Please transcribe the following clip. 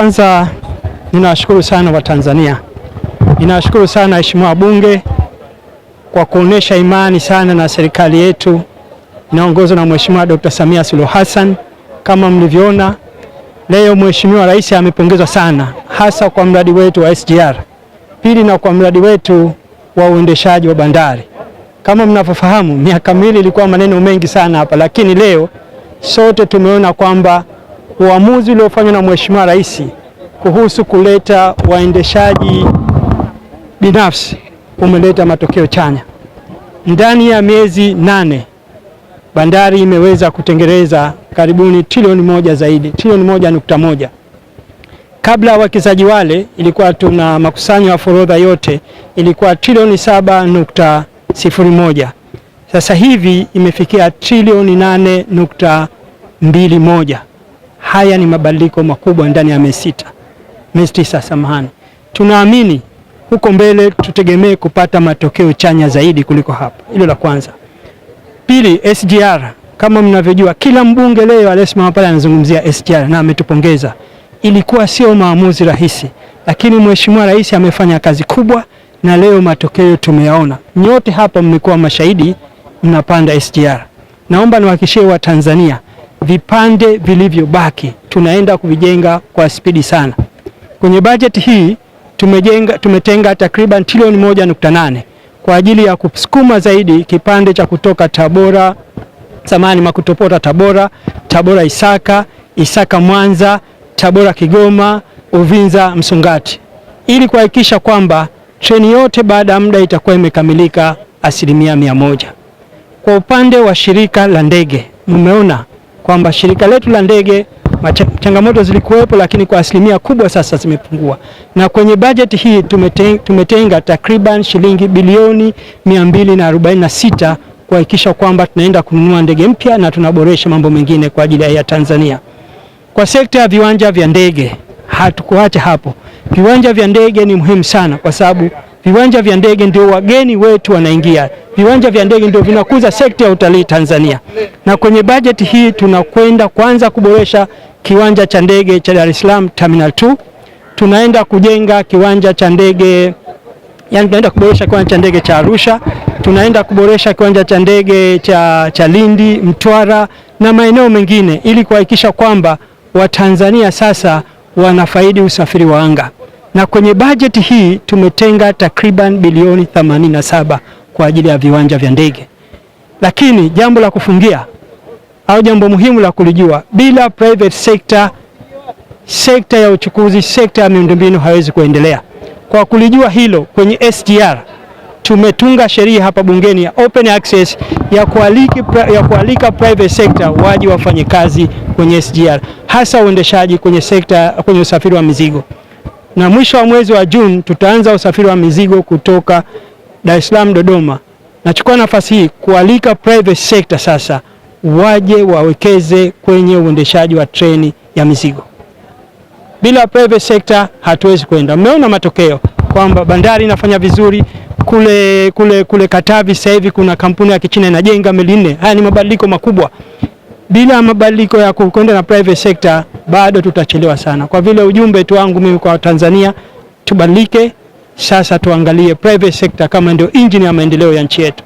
Kwanza ninawashukuru sana Watanzania, ninawashukuru sana Mheshimiwa Bunge kwa kuonesha imani sana na serikali yetu inaongozwa na Mheshimiwa Dr. Samia Suluhu Hassan. Kama mlivyoona leo, Mheshimiwa Rais amepongezwa sana, hasa kwa mradi wetu wa SGR pili na kwa mradi wetu wa uendeshaji wa bandari. Kama mnavyofahamu, miaka miwili ilikuwa maneno mengi sana hapa, lakini leo sote tumeona kwamba uamuzi uliofanywa na Mheshimiwa Rais kuhusu kuleta waendeshaji binafsi umeleta matokeo chanya. Ndani ya miezi nane bandari imeweza kutengeneza karibuni trilioni moja zaidi, trilioni moja nukta moja. Kabla ya wawekezaji wale ilikuwa tuna makusanyo ya forodha yote ilikuwa trilioni saba nukta sifuri moja. Sasa hivi imefikia trilioni nane nukta mbili moja. Haya ni mabadiliko makubwa ndani ya miezi sita, miezi tisa, samahani. Tunaamini huko mbele tutegemee kupata matokeo chanya zaidi kuliko hapa. Hilo la kwanza. Pili, SGR kama mnavyojua, kila mbunge leo aliyesimama pale anazungumzia SGR na ametupongeza. Ilikuwa sio maamuzi rahisi, lakini Mheshimiwa Rais amefanya kazi kubwa na leo matokeo tumeyaona. Nyote hapa mmekuwa mashahidi mnapanda SGR. Naomba niwahakishie Watanzania vipande vilivyobaki tunaenda kuvijenga kwa spidi sana. Kwenye bajeti hii tumejenga, tumetenga takriban trilioni moja nukta nane kwa ajili ya kusukuma zaidi kipande cha kutoka Tabora samani Makutopora, Tabora, Tabora Isaka, Isaka Mwanza, Tabora Kigoma, Uvinza Msungati, ili kuhakikisha kwamba treni yote baada ya muda itakuwa imekamilika asilimia mia moja. Kwa upande wa shirika la ndege, mmeona kwamba shirika letu la ndege changamoto zilikuwepo, lakini kwa asilimia kubwa sasa zimepungua, na kwenye bajeti hii tumetenga, tumetenga takriban shilingi bilioni 246 kuhakikisha kwamba tunaenda kununua ndege mpya na tunaboresha mambo mengine kwa ajili ya Tanzania. Kwa sekta ya viwanja vya ndege hatukuacha hapo. Viwanja vya ndege ni muhimu sana kwa sababu Viwanja vya ndege ndio wageni wetu wanaingia, viwanja vya ndege ndio vinakuza sekta ya utalii Tanzania, na kwenye bajeti hii tunakwenda kwanza kuboresha kiwanja cha ndege cha Dar es Salaam Terminal 2. Tunaenda kujenga kiwanja cha ndege yani, tunaenda kuboresha kiwanja cha ndege cha Arusha, tunaenda kuboresha kiwanja cha ndege cha, cha Lindi, Mtwara na maeneo mengine ili kuhakikisha kwamba Watanzania sasa wanafaidi usafiri wa anga na kwenye bajeti hii tumetenga takriban bilioni 87 kwa ajili ya viwanja vya ndege. Lakini jambo la kufungia au jambo muhimu la kulijua, bila private sector, sekta ya uchukuzi, sekta ya miundombinu hawezi kuendelea. Kwa kulijua hilo, kwenye SGR tumetunga sheria hapa bungeni ya open access ya kualiki, ya kualika private sector waje wafanye kazi kwenye SGR, hasa uendeshaji kwenye sekta, kwenye usafiri wa mizigo na mwisho wa mwezi wa Juni tutaanza usafiri wa mizigo kutoka Dar es Salaam Dodoma. Nachukua nafasi hii kualika private sector sasa waje wawekeze kwenye uendeshaji wa treni ya mizigo. Bila private sector hatuwezi kwenda. Mmeona matokeo kwamba bandari inafanya vizuri kule, kule, kule Katavi. Sasa hivi kuna kampuni ya Kichina inajenga meli nne. Haya ni mabadiliko makubwa. Bila mabadiliko ya kukwenda na private sector bado tutachelewa sana. Kwa vile ujumbe tu wangu mimi kwa Tanzania, tubadilike sasa, tuangalie private sector kama ndio injini ya maendeleo ya nchi yetu.